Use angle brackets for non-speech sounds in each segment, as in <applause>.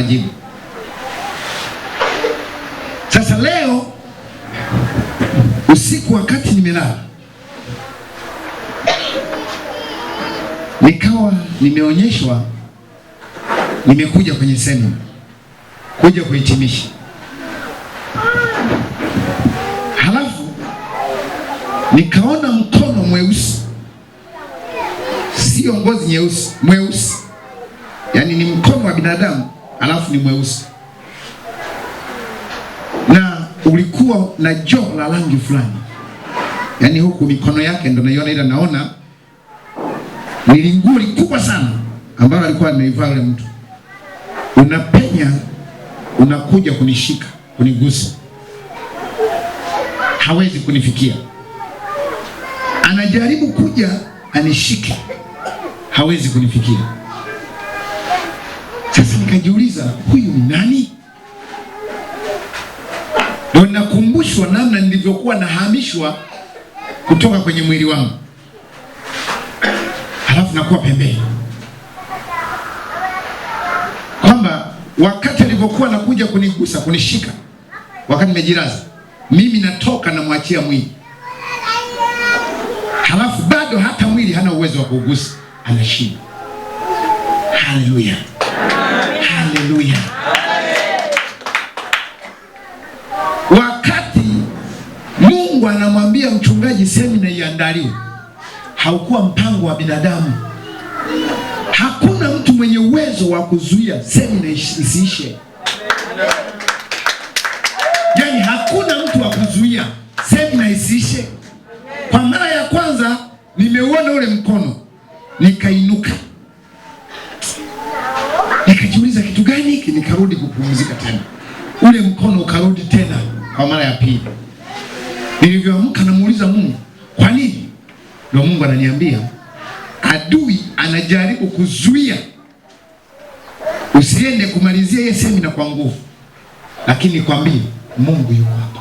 majibu. Sasa leo usiku, wakati nimelala, nikawa nimeonyeshwa, nimekuja kwenye semina kuja kuhitimisha, halafu nikaona mkono mweusi, sio ngozi nyeusi, mweusi, yaani ni mkono wa binadamu alafu ni mweusi na ulikuwa na joo la rangi fulani, yaani huku mikono yake ndo naiona, ila naona ni kubwa sana ambalo alikuwa ameivaa yule mtu. Unapenya, unakuja kunishika, kunigusa, hawezi kunifikia. Anajaribu kuja anishike, hawezi kunifikia akajiuliza huyu nani? Ndio nakumbushwa namna nilivyokuwa nahamishwa kutoka kwenye mwili wangu, halafu nakuwa pembeni, kwamba wakati alivyokuwa nakuja kunigusa kunishika, wakati nimejilaza mimi, natoka namwachia mwili, halafu bado hata mwili hana uwezo wa kugusa, anashinda. Haleluya! Haleluya! Wakati Mungu anamwambia mchungaji semina iandalie, haukuwa mpango wa binadamu. Hakuna mtu mwenye uwezo wa kuzuia semina isiishe. Yani hakuna mtu wa kuzuia semina isiishe. Kwa mara ya kwanza nimeuona ule mkono nikainuka Nikajiuliza kitu gani, nikarudi kupumzika tena, ule mkono ukarudi tena kwa mara ya pili. Nilivyoamka namuuliza Mungu kwa nini, ndio Mungu ananiambia adui anajaribu kuzuia usiende kumalizia ile semina kwa nguvu, lakini kwambie Mungu yuko hapa.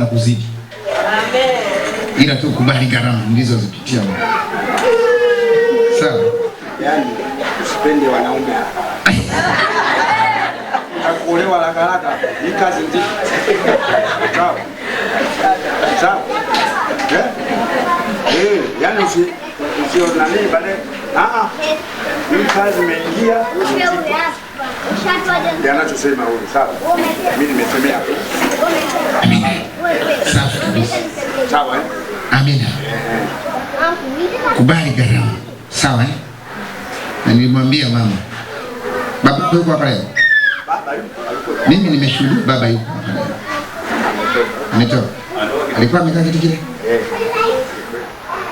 na kuzidi, ila tu kubali gharama nilizozipitia sawa. Yani usipende wanaume <laughs> kuolewa haraka haraka ni kazi nzito. Sawa eh? eh, yani usi usio na nini ah ah, ni kazi imeingia ndio huyu. Sawa, mimi nimesemea sawa eh? Amina, kubali gharama, sawa eh? Na nilimwambia mama, baba yuko hapa leo, mimi nimeshuhudia baba yuko hapa leo, ametoka, alikuwa amekaa kile eh.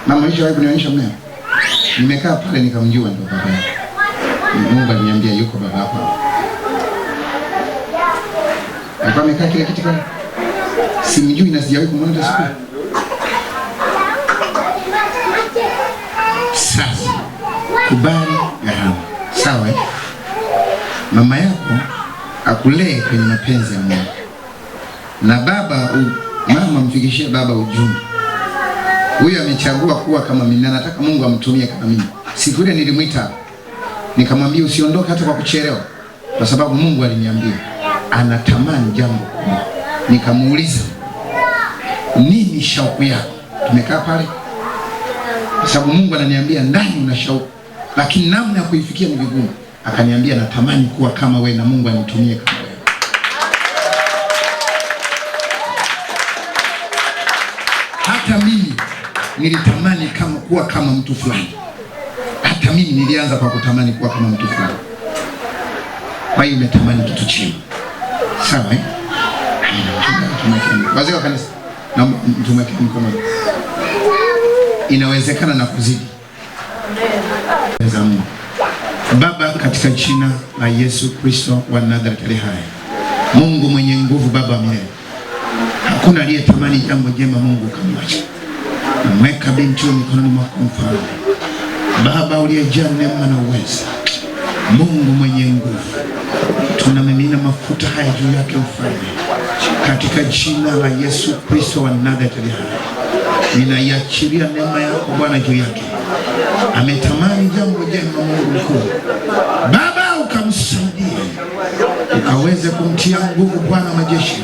mama kunionyesha nimekaa pale nikamjua, ndio baba Mungu aliniambia yuko baba alikuwa amekaa kile simjui na sijawahi kumwona hata siku. Sasa kubali gharama, sawa eh? Mama yako akulee kwenye mapenzi ya Mungu na baba u, mama mfikishie baba ujumbe. Huyu amechagua kuwa kama mimi na nataka Mungu amtumie kama mimi. Siku ile nilimwita nikamwambia usiondoke hata kwa kuchelewa, kwa sababu Mungu aliniambia anatamani jambo kubwa nikamuuliza nini shauku yako? Tumekaa pale, kwa sababu Mungu ananiambia ndani una shauku, lakini namna ya kuifikia ni vigumu. Akaniambia natamani kuwa kama wewe na Mungu anitumie kama wewe. Hata mimi nilitamani kama kuwa kama mtu fulani. Hata mimi nilianza kwa kutamani kuwa kama mtu fulani. Kwa hiyo umetamani kitu chema, sawa eh? wazee wa kanisa, naomba mtumweke mkono. Inawezekana na kuzidi. Baba, katika jina la Yesu Kristo wa Nazareti aliye hai, Mungu mwenye nguvu, Baba wa milele, hakuna aliyetamani jambo jema Mungu kamwacha. Mweka binti huyo mikononi mwako Mfalme, Baba uliyejaa neema na uweza, Mungu mwenye nguvu tunamimina mafuta haya juu yake mfalme, katika jina la Yesu Kristo wa Nazareti. Ninaiachilia neema yako Bwana juu yake. Ametamani jambo jema, Mungu mkuu. Baba, ukamsaidie ukaweze kumtia nguvu, Bwana majeshi.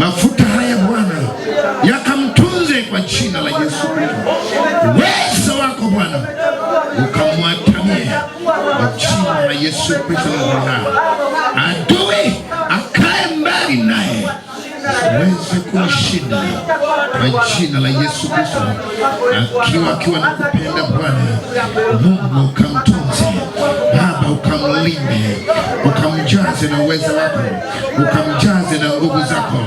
Mafuta haya Bwana yakamtunze kwa jina la Yesu Kristo. Uwezo wako Bwana ukamwatamie kwa jina la Yesu Kristo adui akae mbali naye weze kuwashinda kwa jina la Yesu Kristo, akiwa akiwa na kupenda Bwana Mungu ukamtunze Baba, ukamlinde, ukamjaze na uwezo wako, ukamjaze na nguvu zako,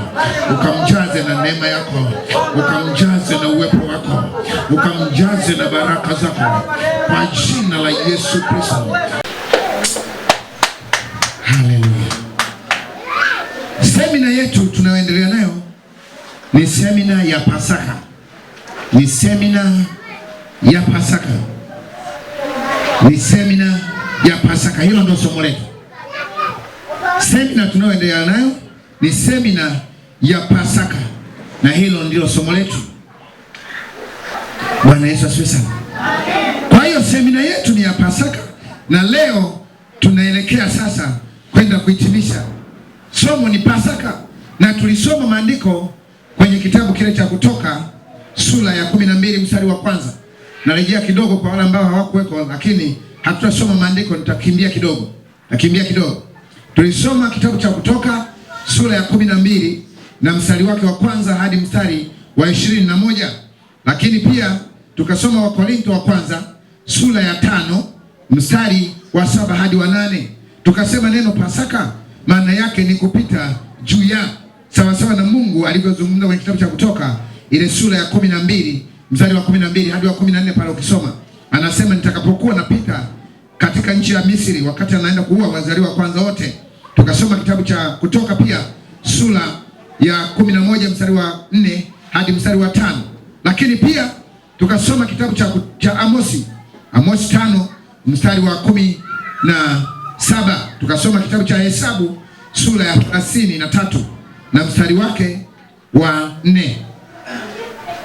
ukamjaze na neema yako, ukamjaze na uwepo wako, ukamjaze na baraka zako kwa jina la Yesu Kristo. Haleluya. ni semina ya Pasaka, ni semina ya Pasaka, ni semina ya Pasaka. Hilo ndio somo letu. Semina tunayoendelea nayo ni semina ya Pasaka, na hilo ndio somo letu. Bwana Yesu asifiwe sana. Kwa hiyo semina yetu ni ya Pasaka, na leo tunaelekea sasa kwenda kuhitimisha. Somo ni Pasaka, na tulisoma maandiko kwenye kitabu kile cha Kutoka sura ya kumi na mbili mstari wa kwanza. Narejea kidogo kwa wale ambao hawakuweko, lakini hatutasoma maandiko, nitakimbia kidogo, nakimbia kidogo. Tulisoma kitabu cha Kutoka sura ya kumi na mbili na mstari wake wa kwanza hadi mstari wa ishirini na moja lakini pia tukasoma Wakorintho wa kwanza sura ya tano mstari wa saba hadi wa nane Tukasema neno Pasaka maana yake ni kupita juu yao sawasawa na Mungu alivyozungumza kwenye kitabu cha Kutoka ile sura ya kumi na mbili mstari wa kumi na mbili hadi wa kumi na nne pale ukisoma, anasema nitakapokuwa napita katika nchi ya Misri, wakati anaenda kuua wazaliwa kwanza wote. Tukasoma kitabu cha Kutoka pia sura ya kumi na moja mstari wa nne hadi mstari wa tano lakini pia tukasoma kitabu cha, cha Amosi Amosi tano mstari wa kumi na saba tukasoma kitabu cha Hesabu sura ya thelathini na tatu na mstari wake wa nne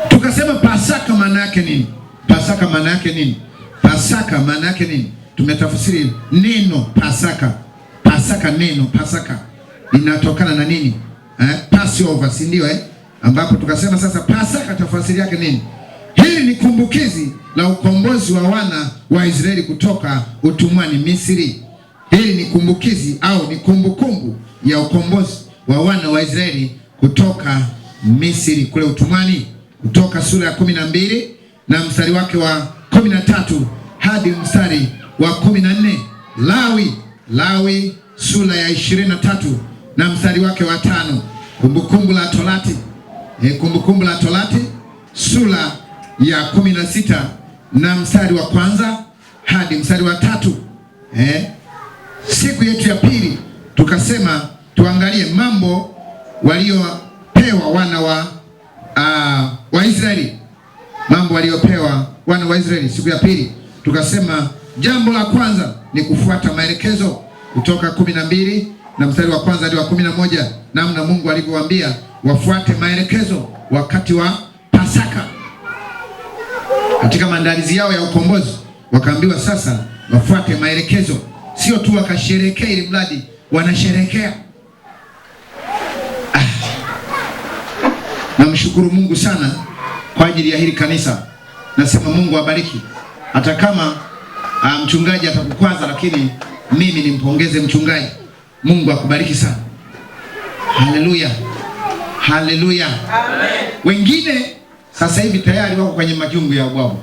tukasema Pasaka maana yake nini? Pasaka maana yake nini? Pasaka maana yake nini? Tumetafsiri neno Pasaka. Pasaka, neno Pasaka inatokana na nini? Eh, Passover, si ndio eh? Ambapo tukasema sasa Pasaka tafasiri yake nini? Hili ni kumbukizi la ukombozi wa wana wa Israeli kutoka utumwani Misri. Hili ni kumbukizi au ni kumbukumbu ya ukombozi wa wana wa Israeli kutoka Misri kule utumwani, kutoka sura ya kumi na mbili na mstari wake wa kumi na tatu hadi mstari wa kumi na nne Lawi Lawi sura ya ishirini na tatu na mstari wake wa tano Kumbukumbu la Torati e, Kumbukumbu la Torati sura ya kumi na sita na mstari wa kwanza hadi mstari wa tatu e. Siku yetu ya pili tukasema tuangalie mambo waliopewa wana wa uh, Israeli, mambo waliopewa wana wa Israeli siku ya pili. Tukasema jambo la kwanza ni kufuata maelekezo kutoka kumi na mbili na mstari wa kwanza hadi wa kumi na moja namna Mungu alivyowaambia wafuate maelekezo wakati wa Pasaka katika maandalizi yao ya ukombozi, wakaambiwa sasa wafuate maelekezo, sio tu wakasherekea ili mradi wanasherekea Namshukuru Mungu sana kwa ajili ya hili kanisa, nasema Mungu abariki. Hata kama uh, mchungaji atakukwaza, lakini mimi nimpongeze mchungaji. Mungu akubariki sana. Haleluya, haleluya, amen. Wengine sasa hivi tayari wako kwenye majungu ya ubwawa.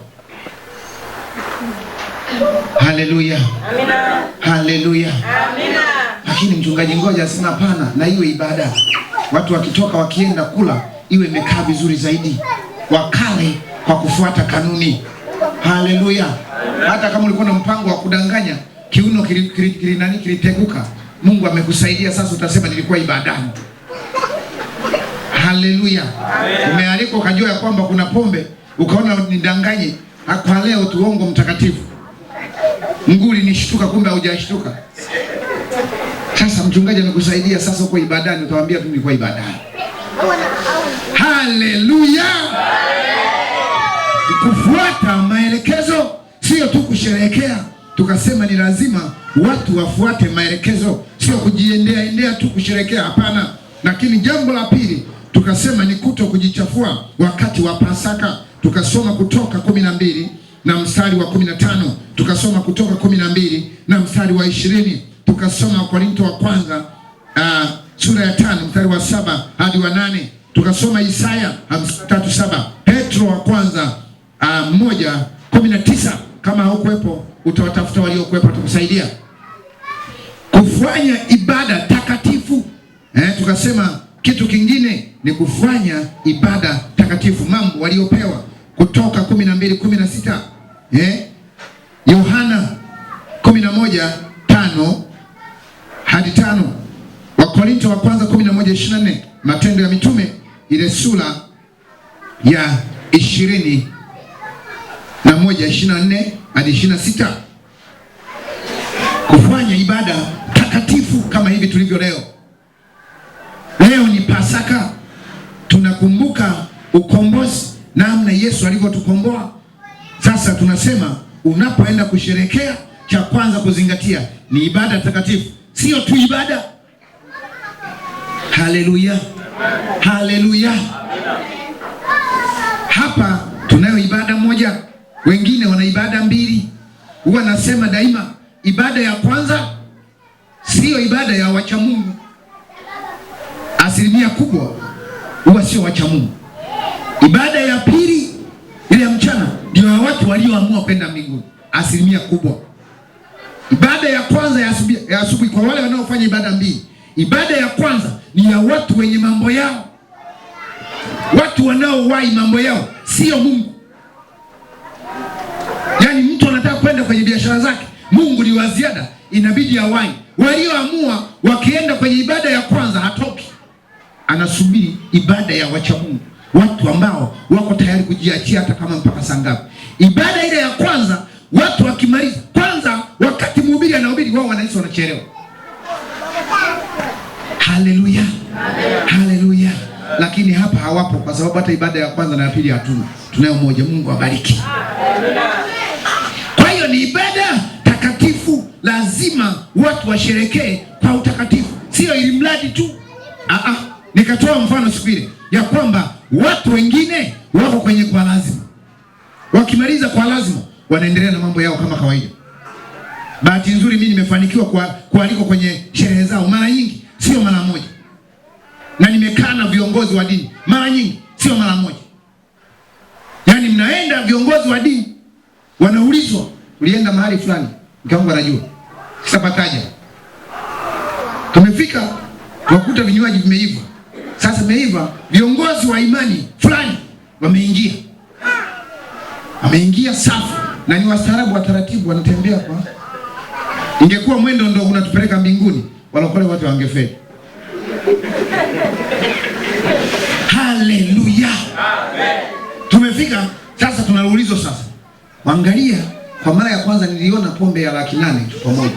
Haleluya, amina, haleluya, amina. Lakini mchungaji, ngoja sina pana na iwe ibada, watu wakitoka wakienda kula iwe imekaa vizuri zaidi, wakale kwa kufuata kanuni. Haleluya! Hata kama ulikuwa na mpango wa kudanganya, kiuno kilinani kiliteguka, Mungu amekusaidia sasa, utasema nilikuwa ibadani. Haleluya! Umealikwa ukajua ya kwamba kuna pombe, ukaona nidanganye kwa leo tuongo mtakatifu. Nguli nishtuka, kumbe haujashtuka. Sasa mchungaji anakusaidia sasa, uko ibadani, utawaambia tu nilikuwa ibadani. Haleluya! Kufuata maelekezo sio tu kusherehekea, tukasema ni lazima watu wafuate maelekezo, sio kujiendea endea tu kusherehekea, hapana. Lakini jambo la pili tukasema ni kuto kujichafua wakati wa Pasaka. Tukasoma Kutoka kumi na mbili na mstari wa kumi na tano tukasoma Kutoka kumi na mbili na mstari wa ishirini tukasoma Wakorinto wa kwanza uh, sura ya tano mstari wa saba hadi wa nane tukasoma Isaya 53:7, Petro wa kwanza ah, moja uh, tisa. Kama haukuwepo utawatafuta waliokuwepo tukusaidia kufanya ibada takatifu eh, tukasema kitu kingine ni kufanya ibada takatifu, mambo waliopewa kutoka mbili sita eh, Yohana moja tano hadi 5, Wakorinto wa kwanza 11:24, Matendo ya Mitume ile sura ya ishirini na moja ishirini na nne hadi ishirini na sita kufanya ibada takatifu kama hivi tulivyo leo. Leo ni Pasaka, tunakumbuka ukombozi, namna Yesu alivyotukomboa. Sasa tunasema unapoenda kusherekea, cha kwanza kuzingatia ni ibada takatifu, sio tu ibada. Haleluya! Haleluya! Hapa tunayo ibada moja, wengine wana ibada mbili. Huwa nasema daima, ibada ya kwanza siyo ibada ya wachamungu. Asilimia kubwa huwa sio wachamungu. Ibada ya pili ile ya mchana ndio ya watu walioamua kwenda mbinguni, asilimia kubwa. Ibada ya kwanza ya asubuhi, ya asubuhi kwa wale wanaofanya ibada mbili Ibada ya kwanza ni ya watu wenye mambo yao, watu wanaowai mambo yao, sio Mungu. Yaani mtu anataka kwenda kwenye biashara zake, Mungu ni wa ziada, inabidi awai. Walioamua wakienda kwenye ibada ya kwanza hatoki, anasubiri ibada ya wacha Mungu, watu ambao wako tayari kujiachia hata kama mpaka saa ngapi. Ibada ile ya kwanza watu wakimaliza kwanza, wakati mhubiri anahubiri, wao wanahisi wanachelewa Haleluya, haleluya. Lakini hapa hawapo, kwa sababu hata ibada ya kwanza na ya pili hatuna, tunayo moja. Mungu abariki. Kwa hiyo ni ibada takatifu, lazima watu washerekee kwa utakatifu, sio ili mradi tu. ah, nikatoa mfano siku ile ya kwamba watu wengine wako kwenye kwa lazima, wakimaliza kwa lazima wanaendelea na mambo yao kama kawaida. Bahati nzuri mimi nimefanikiwa kualikwa kwenye sherehe zao mara nyingi sio mara moja, na nimekaa na viongozi wa dini mara nyingi, sio mara moja. Yaani mnaenda viongozi wa dini wanaulizwa, ulienda mahali fulani? Mke wangu anajua, sasa pataja. Tumefika wakuta vinywaji vimeiva, sasa meiva viongozi wa imani fulani wameingia, wameingia safu na ni wastaarabu wa taratibu, wanatembea kwa. Ingekuwa mwendo ndio unatupeleka mbinguni wala pale watu wangefeli. Haleluya, Tumefika sasa, tunaulizwa sasa, angalia. Kwa mara ya kwanza niliona pombe ya laki nane tu pamoja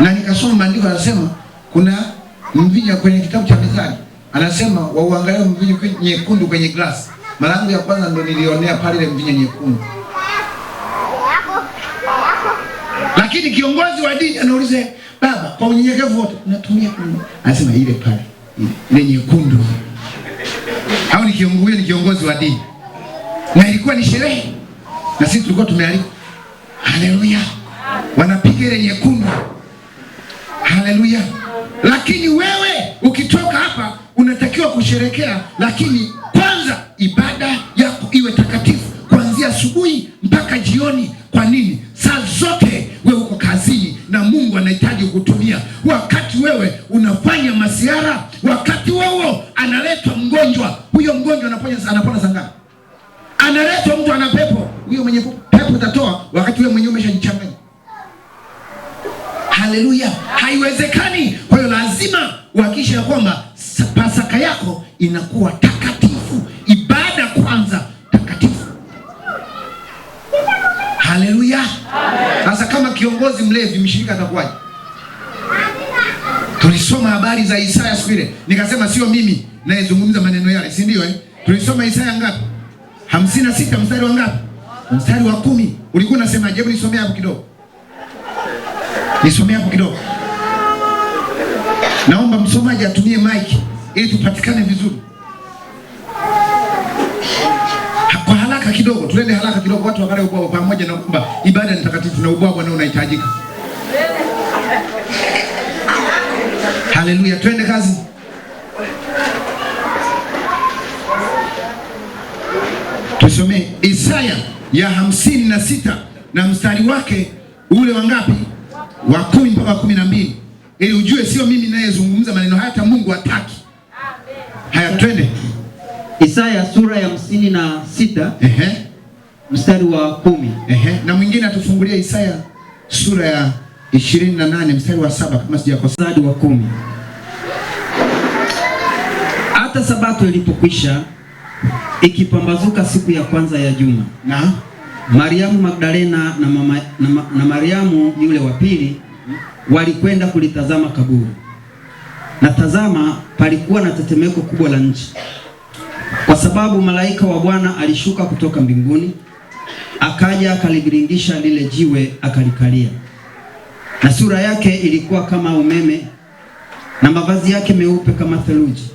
na nikasoma maandiko, anasema kuna mvinyo kwenye kitabu cha Mithali, anasema wauangalie mvinyo nyekundu kwenye glasi. Mara yangu ya kwanza ndo nilionea pale ile mvinyo nyekundu. Lakini kiongozi wa dini anaulize Baba, kwa unyenyekevu wote natumia kuni. Anasema ile pale, ile nyekundu. Hao ni kiongozi, ni kiongozi wa dini. Na ilikuwa ni sherehe. Na sisi tulikuwa tumealikwa. Haleluya. Wanapiga ile nyekundu. Haleluya. Lakini wewe ukitoka hapa unatakiwa kusherekea, lakini kwanza ibada yako iwe takatifu kuanzia asubuhi mpaka jioni. Kwa nini? Saa zote na Mungu anahitaji kutumia. Wakati wewe unafanya masiara, wakati wewe analetwa mgonjwa, huyo mgonjwa anaponya, anapona sangaa. Analetwa mtu ana pepo, huyo mwenye pepo utatoa wakati wewe mwenyewe umeshajichanganya. Haleluya, haiwezekani. Kwa hiyo lazima uhakikishe ya kwamba Pasaka yako inakuwa takatifu, ibada kwanza takatifu. Haleluya. Sasa kama kiongozi mlevi akishika atakuwaje? Tulisoma habari za Isaya siku ile, nikasema sio mimi nayezungumza maneno yale, si ndio eh? Tulisoma Isaya ngapi? hamsini na sita mstari wa ngapi? Mstari wa kumi. Ulikuwa unasema, hebu nisomee hapo kidogo, nisomee hapo kidogo. Naomba msomaji atumie mic ili tupatikane vizuri. Kwa haraka kidogo, tuende haraka kidogo, watu wakale ubwao pamoja na kwamba ibada ni takatifu na ubwao nao unahitajika. Haleluya, twende kazi. Tusomee Isaya ya hamsini na sita na mstari wake ule wangapi? Wa kumi mpaka wa kumi na mbili ili ujue sio mimi nayezungumza maneno haya, hata Mungu hataki haya. Twende Isaya sura ya hamsini na sita mstari wa kumi ehe, na mwingine atufungulia Isaya sura ya ishirini na nane mstari wa saba kama sijakosea hadi wa kumi. Hata sabato ilipokwisha ikipambazuka siku ya kwanza ya juma, na Mariamu Magdalena na, mama, na, na Mariamu yule wa pili walikwenda kulitazama kaburi, na tazama, palikuwa na tetemeko kubwa la nchi, kwa sababu malaika wa Bwana alishuka kutoka mbinguni, akaja akaliviringisha lile jiwe, akalikalia na sura yake ilikuwa kama umeme na mavazi yake meupe kama theluji.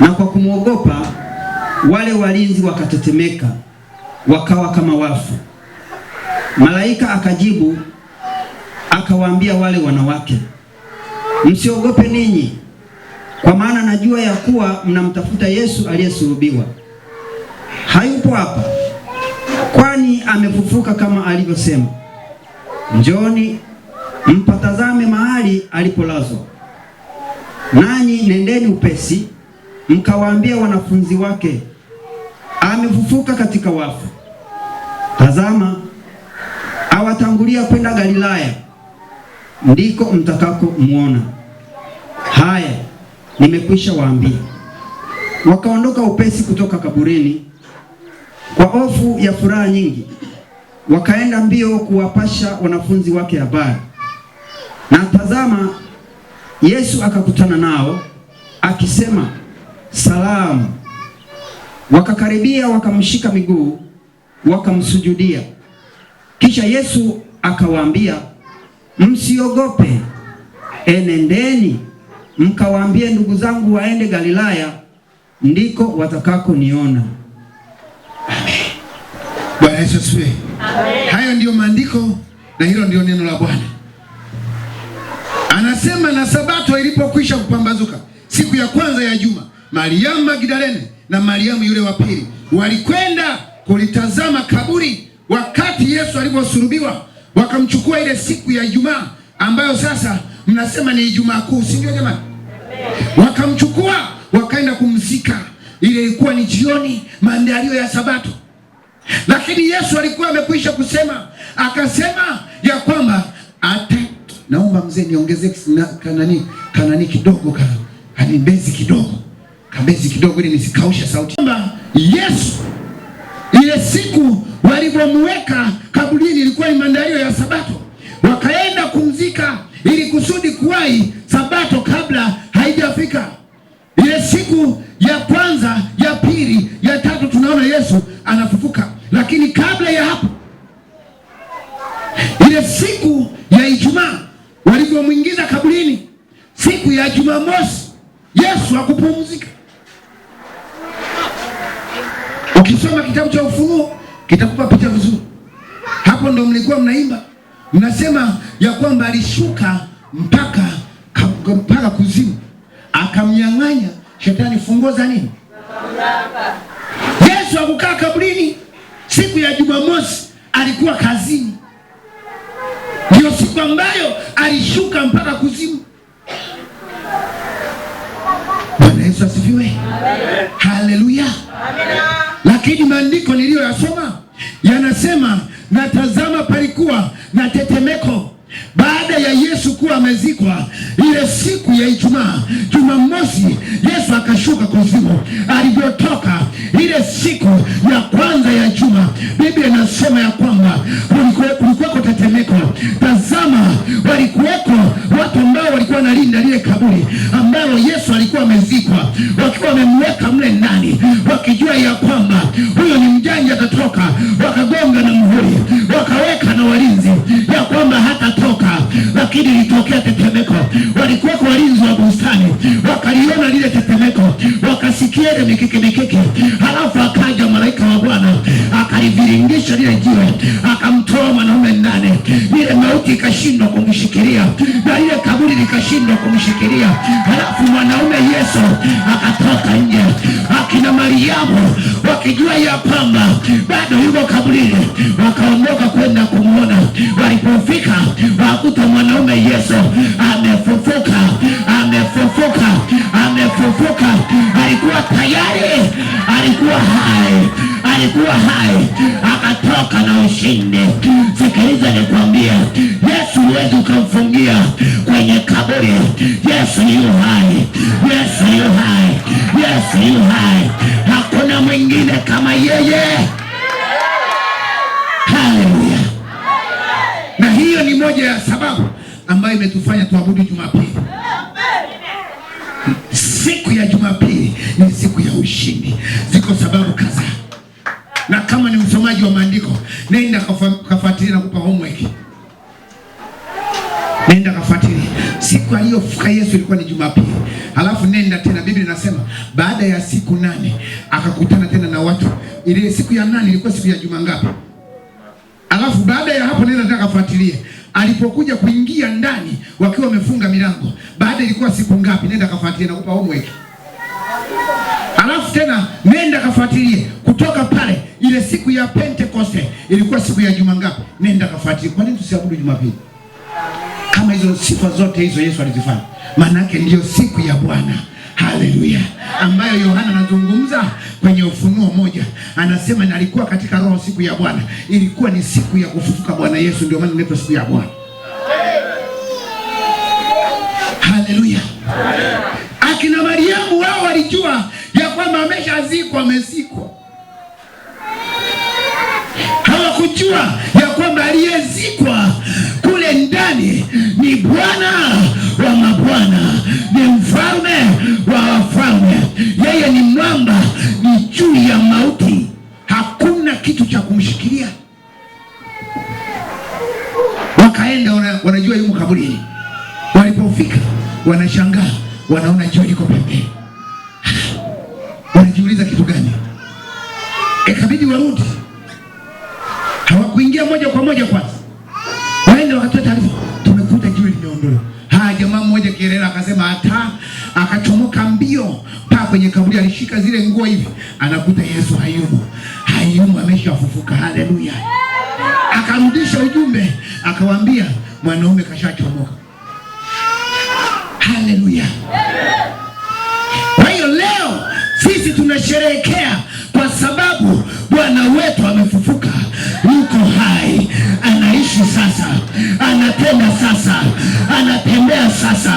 Na kwa kumwogopa wale walinzi wakatetemeka, wakawa kama wafu. Malaika akajibu akawaambia wale wanawake, msiogope ninyi, kwa maana najua ya kuwa mnamtafuta Yesu aliyesulubiwa. Hayupo hapa, kwani amefufuka kama alivyosema njoni mpatazame mahali alipolazwa, nanyi nendeni upesi mkawaambia wanafunzi wake, amefufuka katika wafu. Tazama, awatangulia kwenda Galilaya, ndiko mtakakomwona. Haya, nimekwisha waambia. Wakaondoka upesi kutoka kaburini kwa hofu ya furaha nyingi wakaenda mbio kuwapasha wanafunzi wake habari. Na tazama, Yesu akakutana nao akisema, salamu. Wakakaribia, wakamshika miguu, wakamsujudia. Kisha Yesu akawaambia, msiogope, enendeni mkawaambie ndugu zangu waende Galilaya, ndiko watakako niona. Amen. Bwana Yesu asifiwe. Amen. Hayo ndiyo maandiko na hilo ndiyo neno la Bwana. Anasema na sabato ilipokwisha kupambazuka siku ya kwanza ya juma, Mariamu Magdalene na Mariamu yule wa pili walikwenda kulitazama kaburi wakati Yesu aliposulubiwa, wakamchukua ile siku ya Ijumaa ambayo sasa mnasema ni Ijumaa Kuu, si ndio jamani? Wakamchukua wakaenda kumzika. Ile ilikuwa ni jioni, maandalio ya Sabato. Lakini Yesu alikuwa amekwisha kusema, akasema ya kwamba ate, naomba mzee niongeze kanani kanani kidogo ka kanibezi kidogo kambezi kidogo ili nisikausha sauti. Yesu ile siku walivyomweka kaburini ilikuwa ni maandalio ya Sabato, wakaenda kumzika ili kusudi kuwai Sabato kabla haijafika. Ile siku ya kwanza, ya pili, ya tatu tunaona Yesu anafufuka. Lakini kabla ya hapo, ile siku ya Ijumaa walivyomwingiza kaburini, siku ya Jumamosi Yesu hakupumzika. Ukisoma kitabu cha Ufunuo kitakupa picha vizuri. Hapo ndo mlikuwa mnaimba mnasema ya kwamba alishuka mpaka mpaka kuzimu, akamnyang'anya shetani funguo za nini? Yesu hakukaa kaburini siku ya Jumamosi alikuwa kazini, ndio siku ambayo alishuka mpaka kuzimu. Bwana Yesu asifiwe, haleluya. Lakini maandiko niliyoyasoma yanasema, natazama palikuwa na tetemeko baada ya Yesu kuwa amezikwa, ile siku ya Ijumaa, Jumamosi, Yesu akashuka kuzimu. Alipotoka ile siku ya kwanza ya juma, Biblia inasema ya kwamba kulikuwa tetemeko. Tazama, walikuweko watu ambao walikuwa wanalinda lile kaburi ambalo Yesu alikuwa amezikwa, wakiwa wamemweka mle ndani, wakijua ya kwamba huyo ni mjanja atatoka. Wakagonga na mvuli wakaweka na walinzi ya kwamba hatatoka, lakini ilitokea tetemeko. Walikuweko walinzi wa bustani, wakaliona lile tetemeko, wakasikia ile mikeke mikeke, halafu akaja malaika wa Bwana akaliviringisha lile jiwe, akamtoa mwanaume ndani nane, ile mauti ikashindwa kumshikilia na ile kaburi likashindwa kumshikilia. Halafu mwanaume Yesu akatoka nje. Akina Mariamu wakijua ya kwamba bado yuko kaburini, wakaondoka kwenda kumwona. Walipofika wakuta mwanaume Yesu amefufuka, amefufuka, amefufuka. Alikuwa tayari, alikuwa hai, alikuwa hai, akatoka na ushindi. Sikiliza naweza nikwambia Yesu huwezi ukamfungia kwenye kaburi. Yesu yu hai, Yesu yu hai, Yesu yu hai, hakuna mwingine kama yeye. Haleluya! Na hiyo ni moja ya sababu ambayo imetufanya tuabudu Jumapili. Siku ya Jumapili ni siku ya ushindi. Ziko sababu kadhaa na kama ni msomaji wa maandiko, nenda kafuatilia na kupa homework, nenda kafuatilia Siku aliyofuka Yesu ilikuwa ni Jumapili. Halafu nenda tena, Biblia inasema baada ya siku nane akakutana tena na watu. Ile siku ya nane ilikuwa siku ya juma ngapi? Halafu baada ya hapo nenda tena kafuatilie alipokuja kuingia ndani wakiwa wamefunga milango, baada ilikuwa siku ngapi? Nenda kafuatilie, nakupa homework. Alafu tena nenda kafuatilie kutoka ile siku ya Pentekoste ilikuwa siku ya juma ngapi? Nenda kafuatilie. Kwa nini tusiabudu Jumapili kama hizo sifa zote hizo Yesu alizifanya? Maana yake ndiyo siku ya Bwana. Haleluya, ambayo Yohana anazungumza kwenye Ufunuo moja, anasema nalikuwa katika roho siku ya Bwana. Ilikuwa ni siku ya kufufuka Bwana Yesu, ndio maana inaitwa siku ya Bwana. Haleluya. Akina Mariamu wao walijua ya kwamba ameshazikwa, amezikwa kujua ya kwamba aliyezikwa kule ndani ni Bwana wa mabwana, ni mfalme wa wafalme, yeye ni mwamba, ni juu ya mauti, hakuna kitu cha kumshikilia. Wakaenda wana, wanajua yumo kaburini. Walipofika wanashangaa, wanaona jua liko pembeni, wanajiuliza kitu gani? Ikabidi warudi wanaingia moja kwa moja kwanza, waende wakatoa taarifa, tumekuta jiwe limeondolewa. Haya, jamaa mmoja Kielera akasema hata, akachomoka mbio paa kwenye kaburi, alishika zile nguo hivi, anakuta Yesu hayumo, hayumo, ameshafufuka. Haleluya! Akarudisha ujumbe akawaambia, mwanaume kashachomoka. Haleluya! Kwa hiyo leo sisi tunasherehekea kwa sababu Bwana wetu amefufuka yuko hai, anaishi sasa, anatenda sasa, anatembea sasa,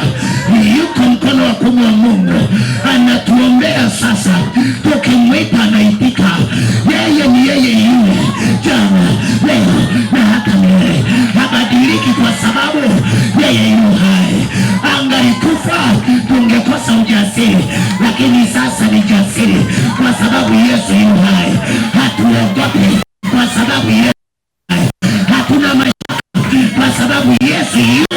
yuko mkono wa kuume wa Mungu, anatuombea sasa. Tukimwita anaitika, yeye ni yeye yule jana, leo na hata milele, habadiliki kwa sababu yeye yu hai. Angalikufa tungekosa ujasiri, lakini sasa ni jasiri kwa sababu Yesu yu hai, hatuogope kwa sababu Yesu, hakuna mashaka, kwa sababu Yesu